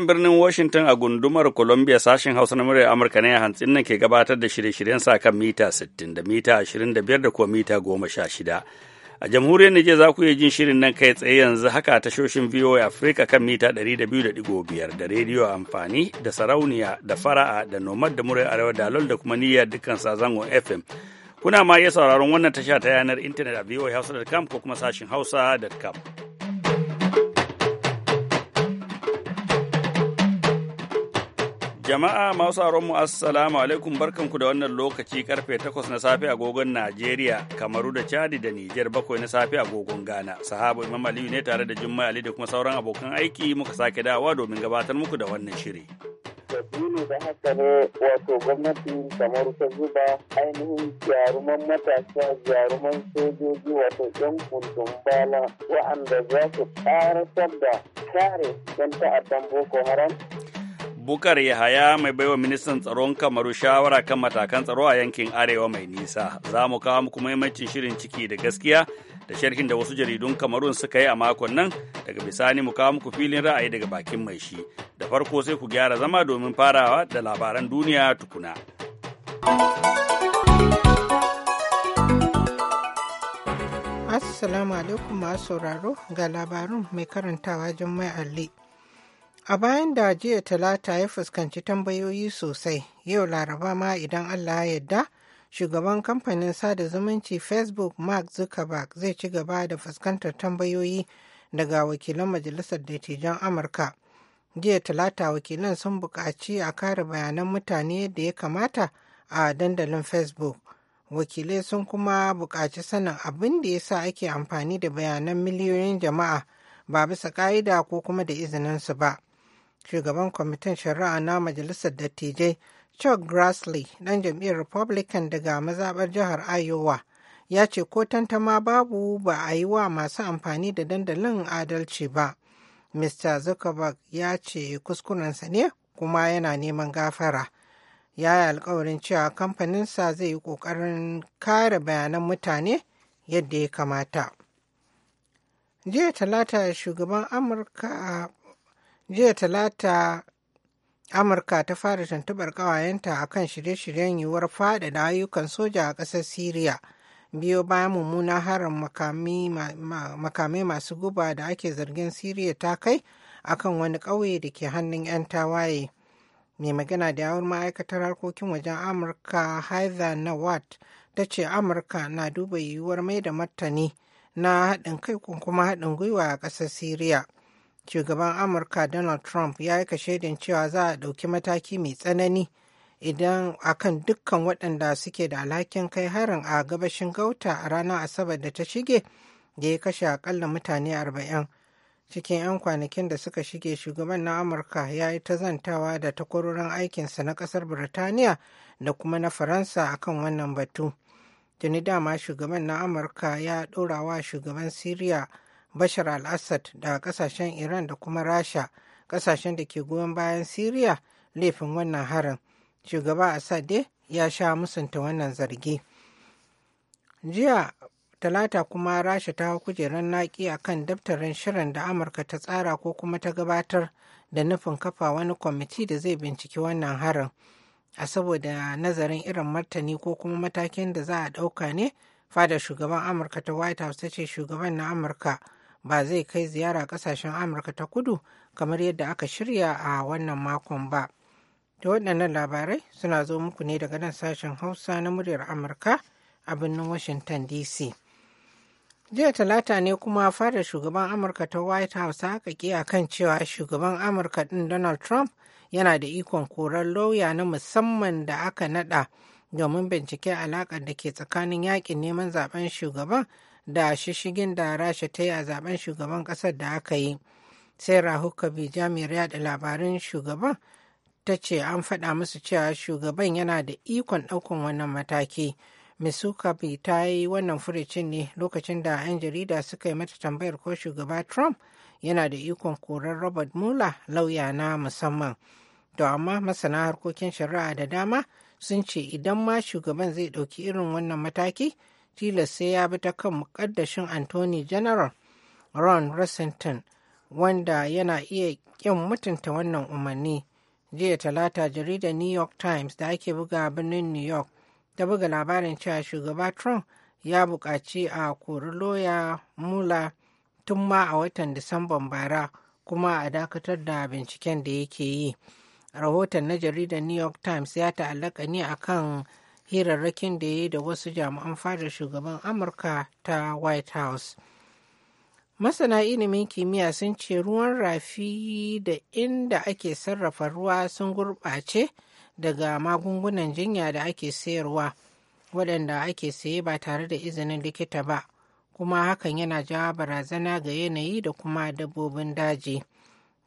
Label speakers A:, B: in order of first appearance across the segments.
A: nan birnin Washington a gundumar Columbia sashen Hausa na murya Amurka ne a hantsin nan ke gabatar da shirye-shiryen sa kan mita 60 da mita 25 da kuma mita 16. A jamhuriyar Nijar za ku iya jin shirin nan kai tsaye yanzu haka tashoshin VOA Africa kan mita 200.5 da rediyo amfani da sarauniya da fara'a da nomad da murya arewa da da kuma niyyar dukkan zangon FM. Kuna ma iya sauraron wannan tasha ta yanar intanet a voahausa.com ko kuma sashin hausa.com. Jama'a masu mu assalamu alaikum barkanku da wannan lokaci karfe 8 na safe agogon Najeriya, Kamaru da Chadi da Nijar bakwai na safe agogon Ghana. Sahabu Imam Aliyu ne tare da Jummai Ali da kuma sauran abokan aiki muka sake dawa domin gabatar muku da wannan shiri.
B: Sabili da haka ne wato gwamnati kamar ta zuba ainihin jaruman matasa jaruman sojoji wato yan kuntun bala wa'anda za su ƙarasar da kare don ta'addan Boko Haram
A: Bukar Yahaya mai baiwa ministan tsaron Kamaru shawara kan matakan tsaro a yankin Arewa mai nisa. Za mu kawo muku maimacin shirin ciki da gaskiya da sharhin da wasu jaridun Kamarun suka yi a makon nan daga bisani mu kawo muku filin ra'ayi daga bakin mai shi. Da farko sai ku gyara zama domin farawa da labaran duniya tukuna.
C: Assalamu alaikum masu sauraro ga labarun mai karantawa Jummai Ali. A bayan da jiya talata ya fuskanci tambayoyi sosai, yau laraba ma idan Allah ya yarda, shugaban kamfanin sada zumunci Facebook Mark Zuckerberg zai ci gaba da fuskantar tambayoyi daga wakilan Majalisar Dattijan Amurka. Jiya talata wakilan sun buƙaci a kare bayanan mutane da ya kamata a dandalin Facebook. Wakilai sun kuma buƙaci sanin abin da ya sa ake amfani da bayanan miliyoyin jama'a ba bisa ƙa'ida ko kuma da izinin su ba. shugaban kwamitin shari'a na majalisar dattijai chuck grassley dan jam'iyyar republican daga mazabar jihar iowa ya ce ko tantama babu ba a yi wa masu amfani da dandalin adalci ba mr zuckerberg ya ce kuskurensa ne kuma yana neman gafara ya yi alkawarin cewa kamfaninsa zai yi ƙoƙarin kare bayanan mutane yadda ya kamata jiya talata shugaban amurka jiya talata amurka ta fara tuntubar ƙawayenta a kan shirye-shiryen yiwuwar faɗaɗa ayyukan soja a ƙasar syria biyo bayan mummunan harin makamai masu guba da ake zargin syria ta kai a kan wani ƙauye da ke hannun 'yan tawaye mai magana da yawon ma'aikatar harkokin wajen amurka heather nawat ta ce amurka na duba yiwuwar mai da martani na haɗin kai kuma haɗin gwiwa a ƙasar syria shugaban amurka donald trump ya aika kashedin cewa za a ɗauki mataki mai tsanani idan akan dukkan waɗanda suke da alhakin kai harin a gabashin gauta a ranar asabar da ta shige da ya kashe akalla mutane 40. cikin 'yan kwanakin da suka shige shugaban na amurka ya yi ta zantawa da takwarorin aikinsa na ƙasar birtaniya da kuma na faransa akan wannan batu tuni dama shugaban na amurka ya ɗora wa shugaban siriya bashar al-assad daga kasashen iran da kuma rasha kasashen da ke goyon bayan siriya laifin wannan harin shugaba assad dai ya sha musunta wannan zargi jiya talata kuma rasha ta hau kujerar naki a kan daftarin shirin da amurka ta tsara ko kuma ta gabatar da nufin kafa wani kwamiti da zai binciki wannan harin a saboda nazarin irin martani ko kuma matakin da za a ɗauka ne fada shugaban amurka ta white house ta ce shugaban na amurka ba zai kai ziyara kasashen amurka ta kudu kamar yadda aka shirya a wannan makon ba da waɗannan labarai suna zo muku ne daga nan sashen hausa na muryar amurka a birnin washington dc jiya talata ne kuma fadar shugaban amurka ta white house aka ke a kan cewa shugaban amurka ɗin donald trump yana da ikon korar lauya na musamman da aka nada domin bincike alaƙar da ke tsakanin yakin neman zaben shugaban da shishigin da rasha ta yi a zaben shugaban kasar da aka yi sai rahuka jami'ar yada labarin shugaban ta ce an faɗa musu cewa shugaban yana da ikon ɗaukan wannan mataki misuka ta yi wannan furicin ne lokacin da 'yan jarida suka yi mata tambayar ko shugaba trump yana da ikon korar robert mula lauya na musamman to amma masana harkokin shari'a da dama sun ce idan ma shugaban zai ɗauki irin wannan mataki tilas sai ya bi ta kan mukaddashin Anthony General Ron Rosenthal wanda yana iya ƙin mutunta wannan umarni. Jiya talata jaridar New York Times da ake buga birnin New York ta buga labarin cewa shugaba Trump ya buƙaci a kori loya mula tun ma a watan Disamban bara kuma a dakatar da binciken da yake yi. Rahoton na jaridar New York Times ya ta'allaka ne akan hirarrakin da ya yi da wasu jami'an fadar shugaban amurka ta white house masana ilimin kimiyya sun ce ruwan rafi da inda ake sarrafa ruwa sun gurɓace daga magungunan jinya da ake sayarwa waɗanda ake saye ba tare da izinin likita ba kuma hakan yana jawo barazana ga yanayi da kuma dabbobin daji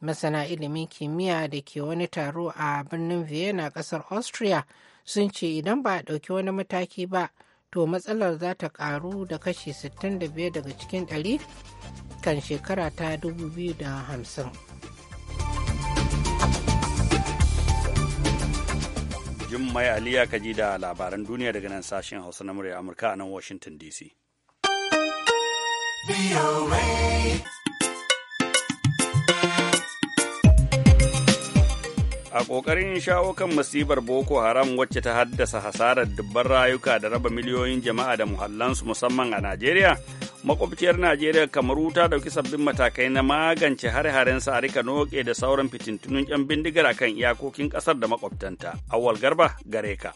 C: masana ilimin kimiyya da ke wani taro a birnin vienna ƙasar austria sun ce idan ba a ɗauki wani mataki ba to matsalar za ta ƙaru da kashi 65 daga cikin 100 kan shekara ta 2050.
A: Jummai Aliya kaji da labaran duniya daga nan sashen Hausa na murya Amurka a nan Washington DC. a ƙoƙarin shawo kan masibar boko haram wacce ta haddasa hasarar dubban rayuka da raba miliyoyin jama'a da muhallansu musamman a najeriya makwabciyar najeriya kamaru ta ɗauki sabbin matakai na magance hare-haren rika noke da sauran fitintunun 'yan bindigar akan iyakokin ƙasar da makwabtanta awal garba gare ka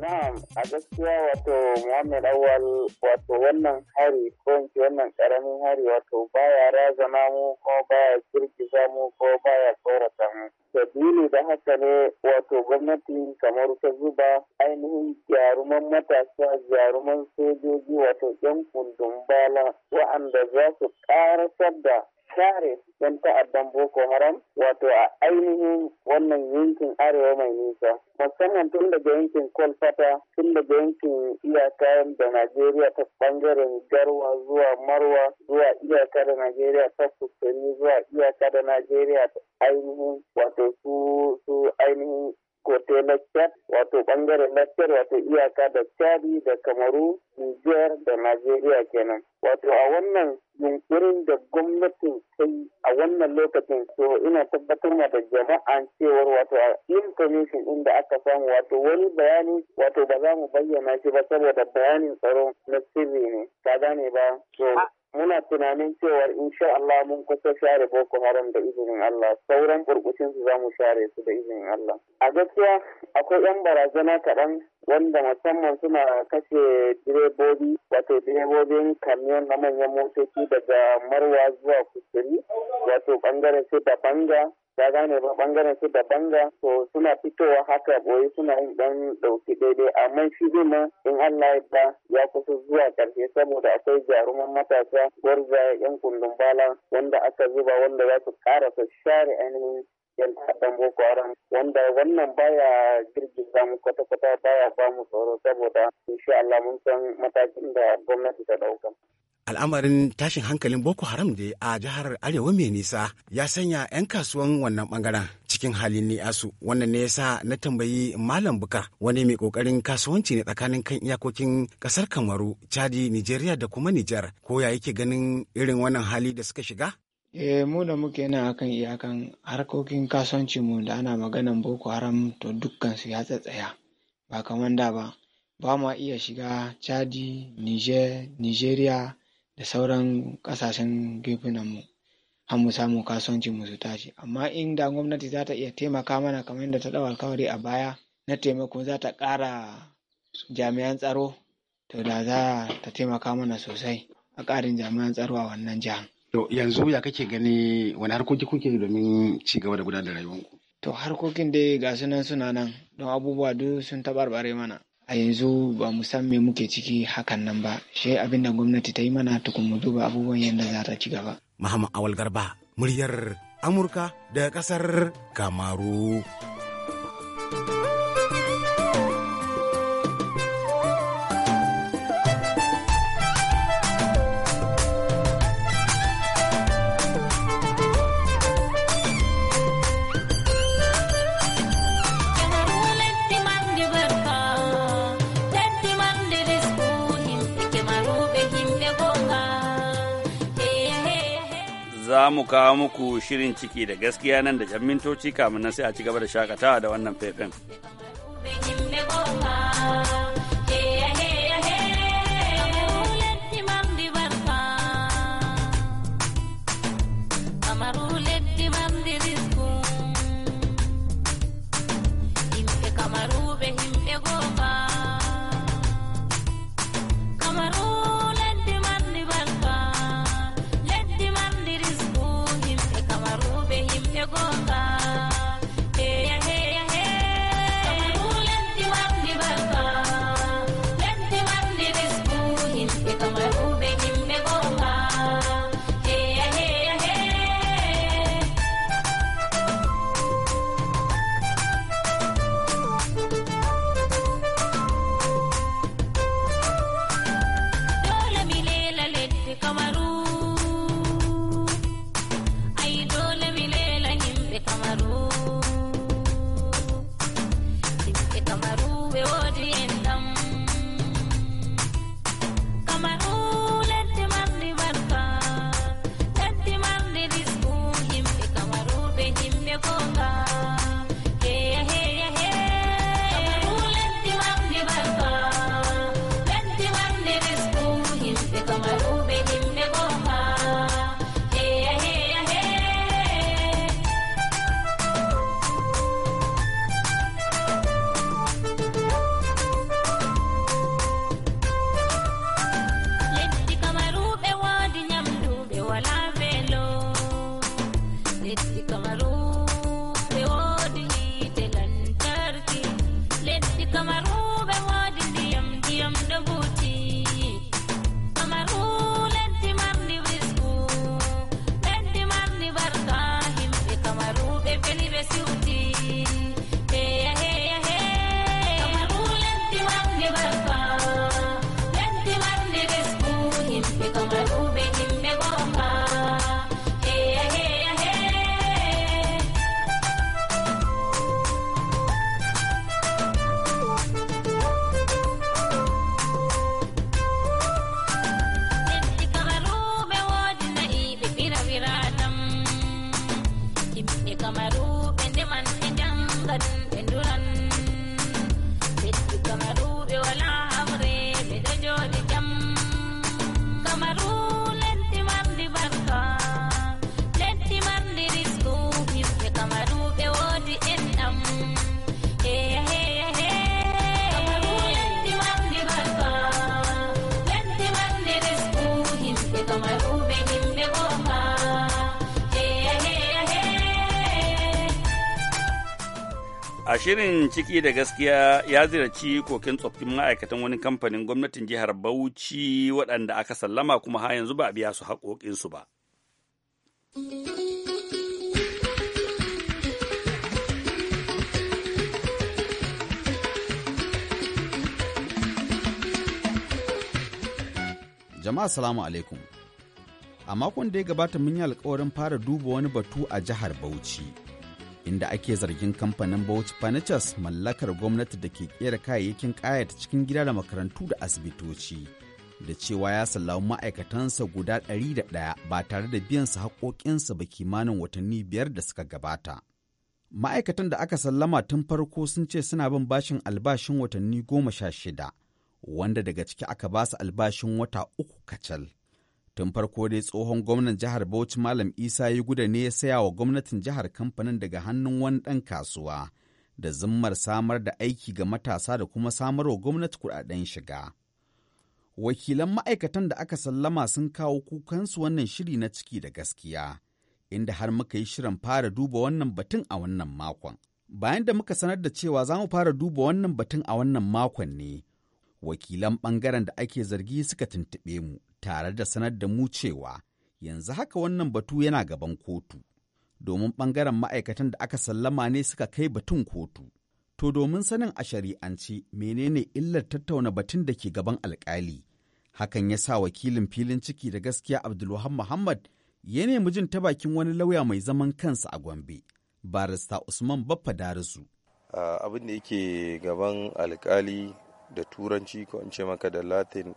B: Na'am, a gaskiya wato Muhammad Awal wato wannan hari ko ce wannan karamin hari wato baya razana mu ko baya girgiza mu ko baya tsorata mu. Sabili da haka ne wato gwamnati kamar ta zuba ainihin jaruman matasa jaruman sojoji wato yan kundin bala wa'anda za su ƙarasar da share yan ta'addan Boko Haram wato a ainihin wannan yankin arewa mai nisa musamman tun daga yankin Kolfata tun daga yankin iyaka da Najeriya ta bangaren Garwa zuwa Marwa zuwa iyaka da Najeriya ta Fuskari zuwa iyaka da Najeriya ta ainihin wato su ainihin ko telechat wato bangare lecture wato iyaka da chadi da kamaru niger da najeriya kenan wato a wannan yunkurin da gwamnatin ta yi a wannan lokacin so ina tabbatar ma da jama'an cewar wato information din da aka samu wato wani bayani wato ba za mu bayyana shi ba saboda bayanin tsaro na sirri ne ka gane ba so muna tunanin cewa insha Allah mun kusa share Boko Haram da izinin Allah sauran burbushin su zamu share su da izinin Allah a gaskiya akwai yan barazana kaɗan wanda musamman suna kashe direbobi wato direbobin kamiyon na manyan motoci daga marwa zuwa kusuri wato bangaren su da banga ya gane ba bangaren su da banga to suna fitowa haka boye suna yin dan dauki daidai amma shi ma in Allah ya da ya kusa zuwa karshe saboda akwai jaruman matasa gwarza yan kundin bala wanda aka zuba wanda za su su share ainihin yan ta'addan boko haram wanda wannan baya girgiza mu kwata-kwata baya ba mu tsoro saboda insha Allah mun san matakin da gwamnati ta dauka.
D: al'amarin tashin hankalin boko haram da a jihar arewa mai nisa ya sanya 'yan kasuwan wannan bangaren cikin halin asu, wannan ne yasa na tambayi malam Buka. wani mai kokarin kasuwanci ne tsakanin kan iyakokin kasar kamaru chadi nigeria da kuma nijar ko ya yake
E: ganin irin wannan hali da suka shiga Eh, mu da muke nan akan iyakan harkokin kasuwanci mu da ana maganan boko haram to dukkan su ya tsatsaya ba kamar da ba ba ma iya shiga chadi niger nigeria da sauran ƙasashen gefunanmu har mu samu kasuwancin mu su tashi amma inda gwamnati za ta iya taimaka mana kamar yadda ta ɗau alkawari a baya na taimako za ta ƙara jami'an tsaro to da za ta taimaka mana sosai a ƙarin jami'an tsaro a wannan jihar.
D: To yanzu ya kake gani wani harkoki kuke domin ci gaba da gudanar
E: da rayuwanku? To harkokin dai ga sunan suna nan don abubuwa duk sun taɓarɓare mana. a yanzu ba mu san me muke ciki hakan nan ba shi abin da gwamnati ta yi mana tukun mu duba abubuwan yadda za ta ci gaba
D: Muhammad Awal Garba muryar Amurka da ƙasar Kamaru
A: mu kawo muku shirin ciki da gaskiya nan da 'yan mintoci kamun nan sai a ci gaba da shakatawa da wannan faifin. Shirin ciki da gaskiya ya ziyarci kokin tsoffin ma'aikatan wani kamfanin gwamnatin jihar Bauchi waɗanda aka sallama kuma ha yanzu ba a biya su haƙoƙinsu ba.
F: Jama'a salamu alaikum. A makon da ya gabata mun yi alkawarin fara duba wani batu a jihar Bauchi. inda ake zargin kamfanin Bauchi Furnitures mallakar gwamnati da ke kera kayayyakin ƙayata cikin gida da makarantu da asibitoci. Da cewa ya sallamu ma'aikatansa guda ɗari da ɗaya ba tare da biyan su haƙoƙinsa ba kimanin watanni biyar da suka gabata. Ma'aikatan da aka sallama tun farko sun ce suna bin bashin albashin watanni goma sha shida, wanda daga ciki aka ba su albashin wata uku kacal. tun farko dai tsohon gwamnan jihar bauchi malam isa yi guda ne ya saya wa gwamnatin jihar kamfanin daga hannun wani ɗan kasuwa da zimmar samar da aiki ga matasa da kuma samarwa gwamnati kuɗaɗen shiga wakilan ma'aikatan da aka sallama sun kawo kukansu wannan shiri na ciki da gaskiya inda har muka yi shirin fara duba wannan batun a wannan makon bayan da muka sanar da cewa za mu fara duba wannan batun a wannan makon ne wakilan ɓangaren da ake zargi suka tuntuɓe mu tare da sanar da mu cewa yanzu haka wannan batu yana gaban kotu, domin ɓangaren ma'aikatan da aka sallama ne suka kai batun kotu. To domin sanin a shari'ance menene illar tattauna batun da ke gaban alkali. Hakan ya sa wakilin filin ciki da gaskiya Abdulluhan Muhammad ya nemi jin ta bakin wani lauya mai zaman kansa a Gombe, barista Usman Baffa Darisu.
G: Ah, abin da yake gaban alkali da turanci ko in ce maka da Latin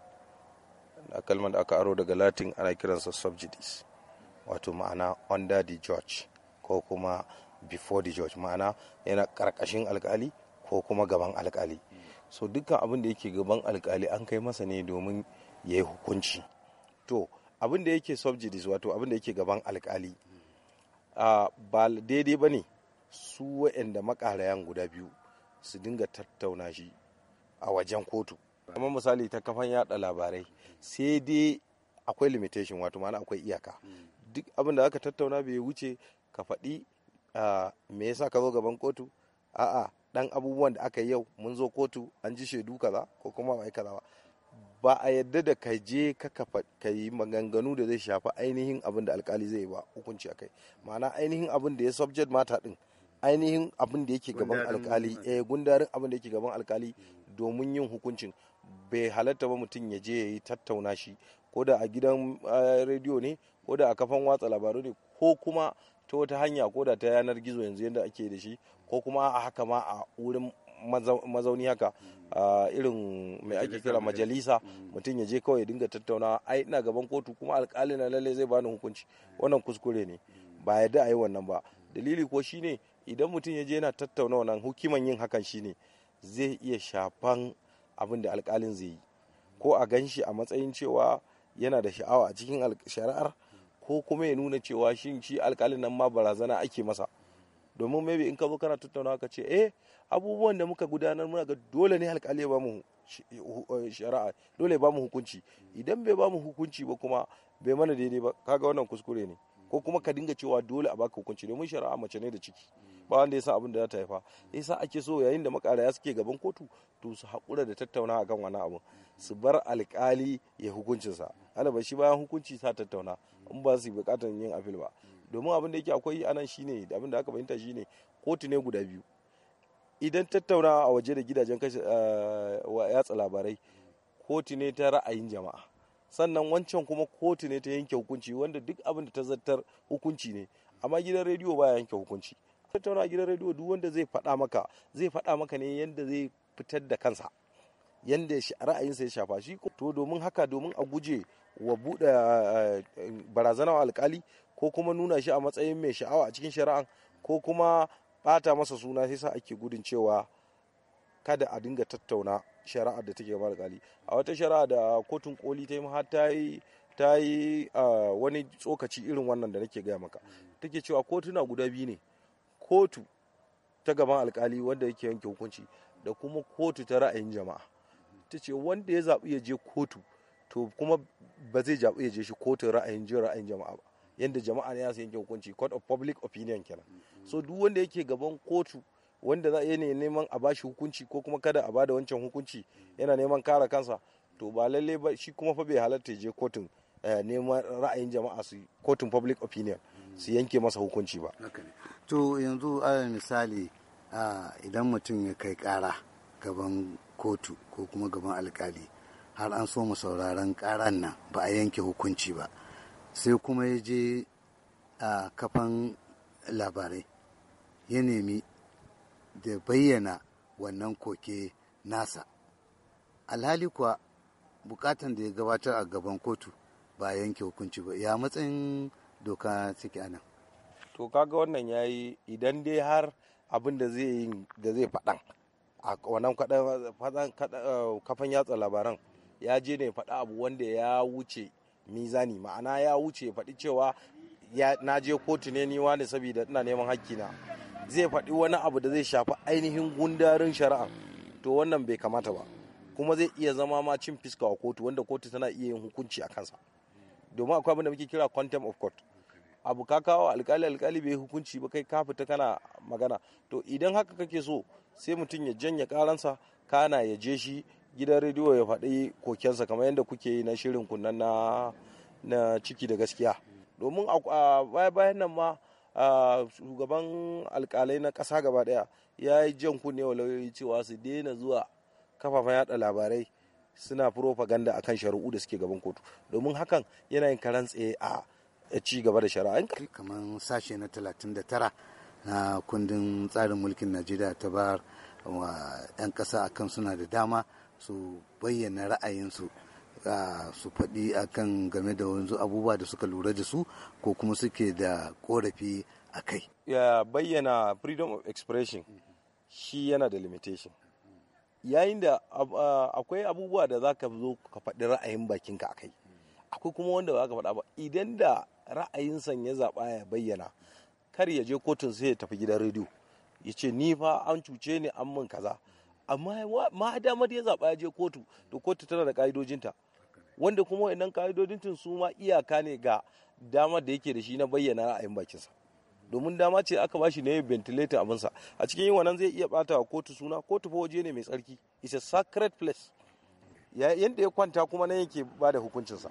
G: da kalmar da aka aro daga latin ana kiransa subsidies wato ma'ana under the judge ko kuma before the judge ma'ana yana karkashin alkali ko kuma gaban alkali so dukkan abin da yake gaban alkali an kai masa ne domin ya yi hukunci to abin da yake subsidies wato abin da yake gaban alkali ba daidai ba ne su waɗanda makarayan guda biyu su dinga tattauna shi a wajen kotu amma misali ta kafan yada labarai sai dai akwai limitation wato ma'ana akwai iyaka duk abin da aka tattauna bai wuce ka faɗi me yasa ka zo gaban kotu a'a dan abubuwan da aka yi yau mun zo kotu an ji shaidu kaza ko kuma ba kaza ba a yadda da ka je ka yi maganganu da zai shafi ainihin abin da alkali zai ba hukunci a kai ma'ana ainihin abin da ya subject mata din ainihin abin da yake gaban alkali eh gundarin abin da yake gaban alkali domin yin hukuncin bai halatta ba mutum ya je ya yi tattauna shi ko da a gidan rediyo ne ko da a kafan watsa labaru ne ko kuma ta wata hanya ko da ta yanar gizo yanzu yadda ake da shi ko kuma a haka ma a wurin mazauni haka irin mai ake kira majalisa mm. mutum ya je kawai ya dinga tattauna ai ina gaban kotu kuma alkali na lalle zai bani hukunci wannan kuskure ne mm. ba yadda a yi wannan ba dalili ko shine idan mutum ya je yana tattauna wannan hukiman yin hakan shine zai iya shafan abin da alkalin zai yi ko a gan shi a matsayin cewa yana da sha'awa a cikin shari'ar ko kuma ya nuna cewa shin shi alkalin nan ma barazana ake masa domin maybe in ka zo kana tattauna ka ce e abubuwan da muka gudanar muna ga dole ne alkali ya ba mu eh, shari'a dole ya ba mu hukunci idan bai ba mu hukunci ba kuma bai mana daidai ba kaga wannan kuskure ne ko kuma ka dinga cewa dole a baka hukunci domin shari'a mace ne da ciki ba wanda ya san abin da za ta haifa yasa ake so yayin da makaraya suke gaban kotu to su haƙura da tattauna akan wani abu su bar alƙali ya hukuncinsa alaba shi bayan hukunci sa tattauna in ba su buƙatar yin afil ba domin abin da yake akwai anan shine abin da aka fahimta shine kotu ne guda biyu idan tattauna a waje da gidajen kashe eh, yatsa labarai kotu ne ta ra'ayin jama'a sannan wancan kuma kotu ne ta yanke hukunci wanda duk abin da ta zartar hukunci ne amma gidan rediyo baya yanke hukunci tattauna gidan rediyo duk wanda zai faɗa maka zai faɗa maka ne yadda zai fitar da kansa yadda ra'ayinsa ya shafa shi to domin haka domin a guje wa buɗe eh, barazana alkali ko kuma nuna shi a matsayin mai sha'awa a cikin shari'an ko kuma bata masa suna sai sa ake gudun cewa kada a dinga tattauna shari'ar da take mara alkali a wata shari'a da kotun koli ta yi har ta yi ta yi eh, wani tsokaci irin wannan da nake gaya maka take cewa kotuna guda biyu ne kotu ta gaban alkali wanda yake yanke hukunci da kuma kotu ta ra'ayin jama'a ta ce wanda ya zaɓi ya je kotu to kuma ba zai zaɓi ya je shi kotun ra'ayin jin ra'ayin jama'a ba yadda jama'a ne ya yanke hukunci court of public opinion kenan so duk wanda yake gaban kotu wanda za a ne neman a bashi hukunci ko kuma kada a ba da wancan hukunci yana neman kare kansa to ba lalle ba shi kuma fa bai halatta je kotun eh, neman ra'ayin
D: jama'a su kotun public opinion su yanke masa hukunci ba to yanzu alal misali idan mutum ya kai kara gaban kotu ko kuma gaban alkali har an so mu sauraron karan nan ba a yanke hukunci ba sai kuma ya je a kafan labarai ya nemi da bayyana wannan koke nasa alhali kuwa bukatan da ya gabatar a gaban kotu ba a yanke hukunci ba ya matsayin doka suke anan
G: to kaga wannan ya yi idan dai har abin da zai yi da zai faɗan a wannan eh, kafan yatsa labaran ya je ne faɗa abu wanda ya wuce mizani ma'ana ya wuce faɗi cewa na je kotu ne ni wani saboda ina neman hakkina zai faɗi wani abu da zai shafi ainihin gundarin shari'a to wannan bai kamata ba kuma zai iya zama ma cin fiska wa kotu wanda kotu tana iya yin hukunci a kansa domin akwai abin da muke kira contempt of court abu ka kawo alkali alkali bai hukunci ba kai ka fita kana magana to idan haka kake so sai mutum ya janye karansa kana ya je shi gidan rediyo ya faɗi kokensa kamar yadda kuke yi na shirin kunnan na na ciki da gaskiya domin a baya bayan nan ma shugaban alkalai na ƙasa gaba ɗaya ya yi jan kunne wa lauyoyi cewa su daina zuwa kafafen yada labarai suna a akan shari'u da suke gaban kotu domin hakan yana yin karan a
D: ci gaba da shari'a kamar sashe na 39 na kundin tsarin mulkin najeriya ta ba wa 'yan ƙasa akan suna da dama su bayyana ra'ayinsu su faɗi akan game da wanzu abubuwa da suka lura da su ko kuma suke da korafi a kai
G: ya bayyana freedom of expression shi yana da limitation yayin da akwai abubuwa da za ka zo ka faɗi ra'ayin bakinka a kai akwai kuma wanda za ka faɗa ba idan da ra'ayin san ya zaɓa ya bayyana kar ya je kotun sai ya tafi gidan rediyo ya ce ni fa an cuce ni an min kaza amma ma damar ya zaba ya je kotu to kotu tana da ka'idojinta wanda kuma wayannan ka'idojin su ma iyaka ne ga dama da yake da shi na bayyana ra'ayin bakinsa domin dama ce aka ba shi ne ventilator abinsa a cikin yin wannan zai iya bata wa kotu suna kotu fa waje ne mai tsarki it's a sacred place yanda ya kwanta kuma nan yake ba da hukuncinsa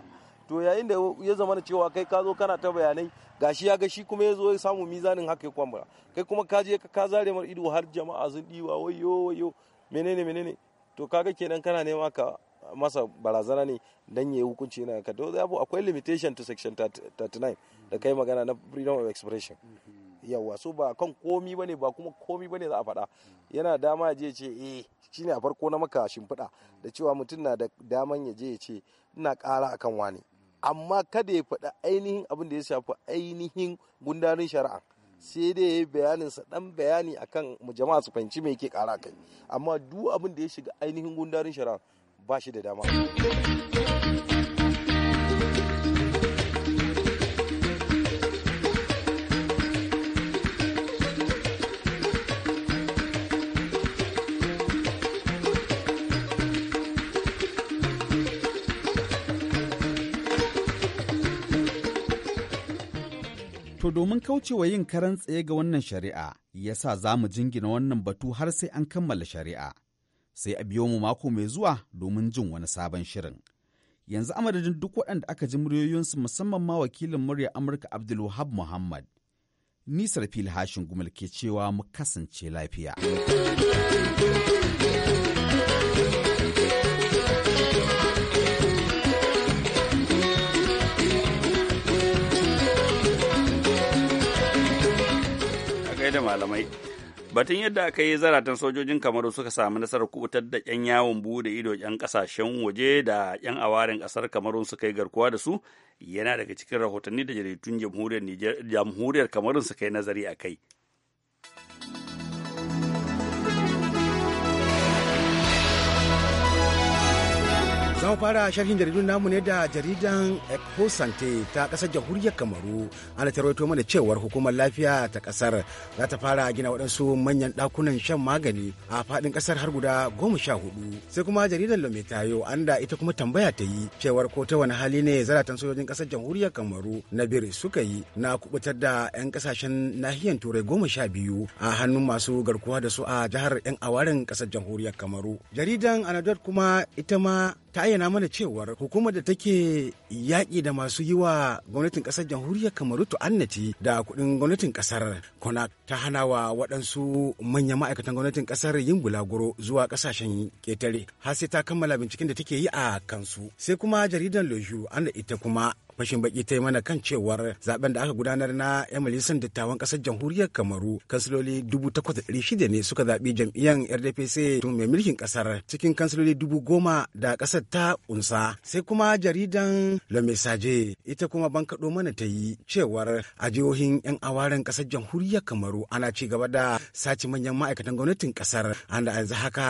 G: to yayin da ya zama na cewa kai ka zo kana ta bayanai gashi ya ga shi kuma ya zo ya samu mizanin haka ya kwamba kai kuma ka je ka zare mar ido har jama'a sun diwa wayo wayo menene menene to kaga kenan kana nema ka masa barazana ne dan yayi hukunci na ka to akwai limitation to section 39 da kai magana na freedom of expression yawa so ba kan komi bane ba kuma komi bane za a faɗa yana dama je ce eh shine a farko na maka shimfiɗa da cewa mutum na da daman ya je ya ce ina ƙara akan wani amma kada ya faɗi ainihin abin da ya shafi ainihin gundarin shari'a sai dai ya yi bayaninsa ɗan bayani akan mu jama'a su fahimci me yake ƙara kai amma duk abin da ya shiga ainihin gundarin shari'a ba shi da dama
F: To domin kauce wa yin karan tsaye ga wannan shari'a, ya sa za mu jingina wannan batu har sai an kammala shari'a. Sai a biyo mu mako mai zuwa domin jin wani sabon shirin. Yanzu amadadin duk waɗanda aka ji muryoyinsu musamman ma wakilin murya Amurka Abdulwahab Muhammad. Nisar fil hashin gumal ke cewa mu kasance lafiya.
A: da malamai. Batun yadda aka yi zaratan sojojin Kamaru suka samu nasarar kubutar da 'yan yawon bude ido 'yan kasashen waje da 'yan awarin kasar kamaru suka yi garkuwa da su yana daga cikin rahotanni da jaridun jamhuriyar kamaru suka yi nazari a kai.
D: Za fara sharhin jaridun namu ne da jaridan Ekosante ta kasar jamhuriyar Kamaru. Ana rawaito mana cewar hukumar lafiya ta kasar za ta fara gina waɗansu manyan ɗakunan shan magani a faɗin kasar har guda goma sha hudu. Sai kuma jaridan Lomitayo an da ita kuma tambaya ta yi cewar ko ta wani hali ne zaratan sojojin kasar jamhuriyar Kamaru na bir suka yi na kubutar da 'yan kasashen nahiyar turai goma sha biyu a hannun masu garkuwa da su a jihar 'yan awarin kasar jamhuriyar Kamaru. Jaridan Anadot kuma ita ma ta ayyana mana cewar hukumar da take yaƙi da masu yi wa gwamnatin ƙasar jamhuriyar kamaru annati da kuɗin gwamnatin ƙasar konak ta hana wa waɗansu manyan ma'aikatan gwamnatin ƙasar yin bulaguro zuwa ƙasashen ƙetare har sai ta kammala binciken da take yi a kansu sai kuma jaridar lojo an da ita kuma fashin baki ta yi mana kan cewar zaben da aka gudanar na yan majalisar dattawan kasar jamhuriyar kamaru kansiloli dubu takwas da ɗari shida ne suka zaɓi jam'iyyar rdpc tun mai mulkin kasar cikin kansiloli dubu goma da kasar ta unsa sai kuma jaridan le message ita kuma bankaɗo mana ta yi cewar a jihohin yan awaren kasar jamhuriyar kamaru ana ci gaba da sace manyan ma'aikatan gwamnatin kasar an da yanzu haka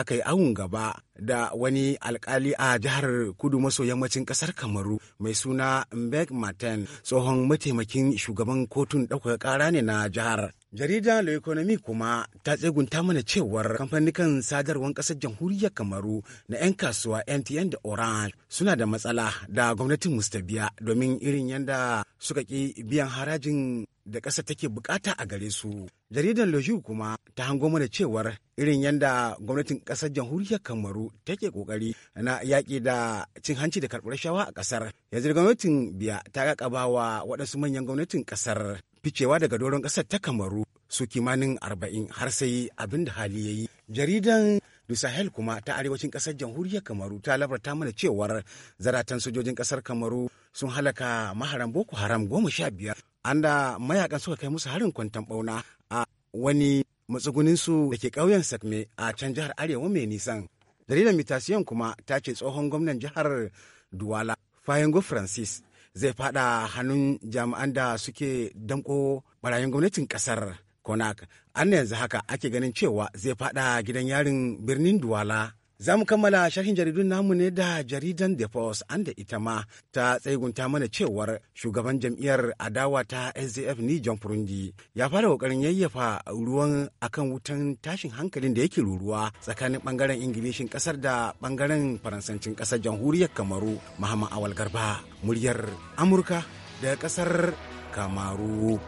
D: aka yi awun gaba da wani alkali a jihar kudu maso yammacin kasar kamaru mai suna na mbeg Martin tsohon mataimakin shugaban kotun ɗaukaka ƙara ne na jihar. Jarida Le Economy kuma ta tsegunta mana cewar kamfanikan sadarwar ƙasar jamhuriyar Kamaru na 'yan kasuwa MTN da Orange suna da matsala da gwamnatin Mustabiya domin irin yadda suka ƙi biyan harajin da ƙasa take bukata a gare su. Jaridar Leju kuma ta hango mana cewar irin yadda gwamnatin ƙasar jamhuriyar Kamaru take ƙoƙari na yaƙi da cin hanci da karɓar shawa a ƙasar. Yanzu gwamnatin biya ta ƙaƙabawa waɗansu manyan gwamnatin ƙasar ficewa daga doron ƙasar ta kamaru su kimanin arba'in har sai abin da hali ya yi jaridan du sahel kuma ta arewacin ƙasar jamhuriyar kamaru ta labarta mana cewar zaratan sojojin ƙasar kamaru sun halaka maharan boko haram goma sha biyar an da mayakan suka kai musu harin kwantan ɓauna a wani matsuguninsu da ke ƙauyen sakme a can jihar arewa mai nisan Jaridan mitasiyan kuma ta ce tsohon gwamnan jihar duwala fayango francis zai fada hannun jami'an da suke damko barayin gwamnatin kasar konak an yanzu haka ake ganin cewa zai fada gidan yarin birnin duwala Za mu kammala sharhin jaridun namu ne da jaridan The Post an da ita ma ta tsegunta mana cewar shugaban jam'iyyar adawa ta SDF ni John Furundi ya fara kokarin yayyafa ruwan akan wutan tashin hankalin da yake ruruwa tsakanin bangaren Ingilishin kasar da bangaren Faransancin kasar jamhuriyar Kamaru Muhammad Awal Garba muryar Amurka da kasar Kamaru.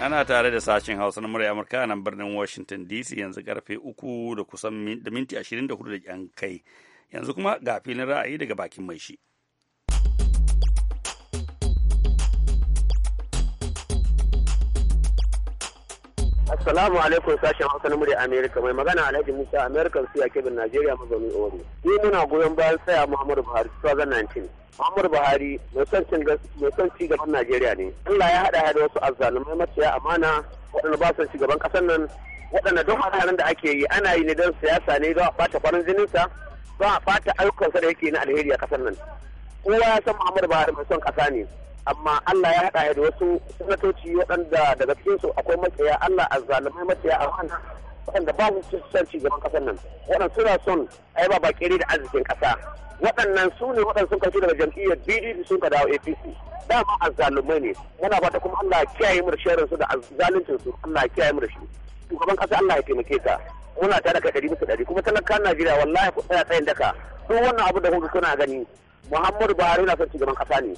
A: Ana tare da sashen Hausa na murya Amurka nan birnin Washington DC yanzu karfe uku da kusan minti 24 da kyan kai. Yanzu kuma ga filin ra'ayi daga bakin mai shi.
H: Assalamu alaikum sashen Hausa na murya Amerika mai magana Alhaji Musa American Suya Kebin Najeriya mazauni oru Ni muna goyon bayan saya Muhammadu Buhari 2019. Muhammadu Buhari mai son cigaban Najeriya ne. Allah ya haɗa da wasu azzalumai maciya amana waɗanda ba son shugaban ƙasar nan waɗanda don halayen da ake yi ana yi ne don siyasa ne don a ɓata farin jininsa don a ɓata ayyukansa da yake na alheri a ƙasar nan. Kowa ya san Muhammadu Buhari mai son ƙasa ne. amma Allah ya haɗa da wasu sanatoci waɗanda daga su akwai matsaya Allah a zalimai matsaya a wannan waɗanda ba su son ci gaban ƙasar nan waɗanda suna son a ba bakere da arzikin ƙasa waɗannan su ne waɗanda sun kasu daga jam'iyyar bdp sun ka dawo apc dama azzalumai ne muna ba ta kuma allah kiyaye mu da sharrin su da zaluncin su allah kiyaye mu da shi shugaban ƙasa allah ya taimake ka muna tare ka ɗari bisa ɗari kuma talakan najeriya wallahi ku tsaya tsayin daka duk wannan abu da kuka kuna gani muhammadu buhari na son ci gaban ƙasa ne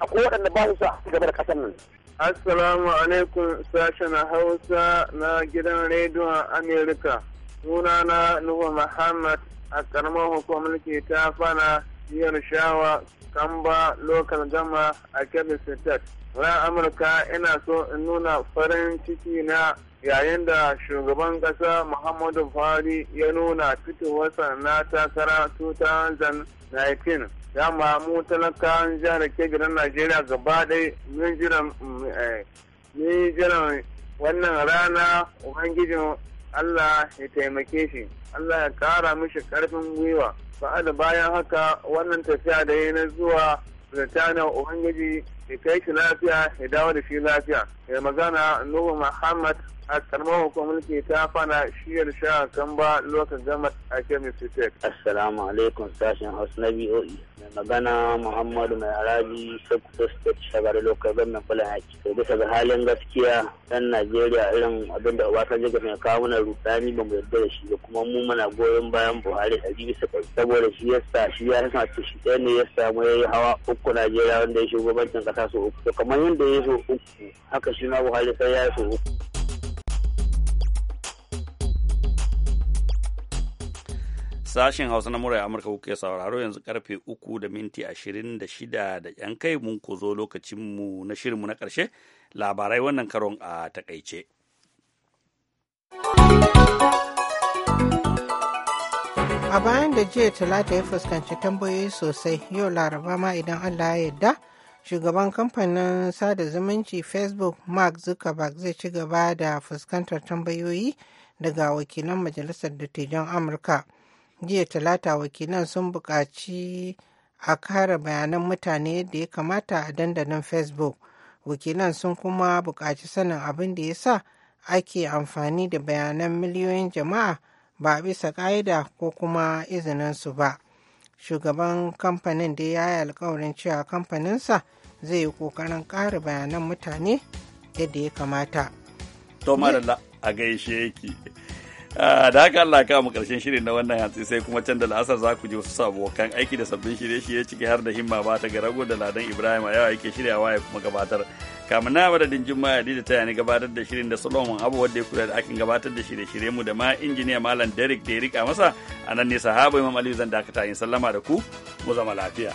H: akwai waɗanda ba su sa game da ƙasar nan.
B: Assalamu alaikum sashen Hausa na gidan rediyon Amerika. Sunana Nuhu Muhammad a ƙaramar hukumar ke ta fana shiyar shawa kamba lokal gama a kebbi state ran amurka ina so in nuna farin ciki na yayin da shugaban kasa muhammadu buhari ya nuna fitowarsa na takara 2019 ya mamu talakawan jihar kebbi na najeriya gaba ɗaya ni jiran eh, wannan rana ubangijin allah ya taimake shi allah ya kara mishi karfin gwiwa da bayan haka wannan tafiya da ya na zuwa Birtaniya Ubangiji ya kai shi lafiya ya dawo da shi lafiya. mai magana Nuhu Muhammad a karamar hukumar ta fana shiyar sha kan lokacin gama
H: a kemis State. Assalamu alaikum sashen Hausa na BOE. Mai magana Muhammadu Mai Arabi Sokoto State shagar lokacin gama fulan haki. To bisa ga halin gaskiya dan Najeriya irin abin da wasan ga mai kawo mana rudani ba mu yarda da shi ba kuma mu muna goyon bayan Buhari jibi sa ɗari. Saboda shi ya sa shi ya sa ta shi ɗaya ne ya samu ya yi hawa uku Najeriya wanda ya shugabancin ƙasa su uku. To kamar yadda ya zo uku haka shi buhari sai ya
A: Sashen Hausa na Murai Amurka kuke sauraro yanzu karfe uku da minti ashirin da shida da ‘yan kai mun ku zo lokacinmu na shirinmu na karshe labarai wannan karon a takaice.
C: A bayan da jiya talata ya fuskanci tambayoyi sosai yau laraba ma idan Allah ya yarda shugaban kamfanin sada zumunci facebook mark zuckerberg zai ci gaba da fuskantar tambayoyi daga wakilan majalisar dattijan amurka jiya talata wakilan sun buƙaci a kare bayanan mutane yadda ya kamata a dandalin facebook wakilan sun kuma buƙaci sanin abin da ya sa ake amfani da bayanan miliyoyin jama'a ba bisa ƙa'ida ko kuma izinin su ba shugaban kamfanin da ya yi alkawarin cewa kamfaninsa zai yi kokarin ƙara bayanan mutane yadda ya kamata
A: to marala a gaishe yake ah, da haka Allah ka mu karshen shirin na wannan hantsi sai kuma can da la'asar za ku ji wasu sabokan aiki da sabbin shirye-shirye ciki har da himma ba ta rago da ladan Ibrahim a yawa yake shiryawa ya kuma gabatar kama na madadin jimma da ta yani gabatar da shirin da solomon abu da ya kula da akin gabatar da shirye shirye mu da ma injiniya malam derek da ya masa a nan ne sahaba imam aliyu zan dakata in sallama da ku mu zama lafiya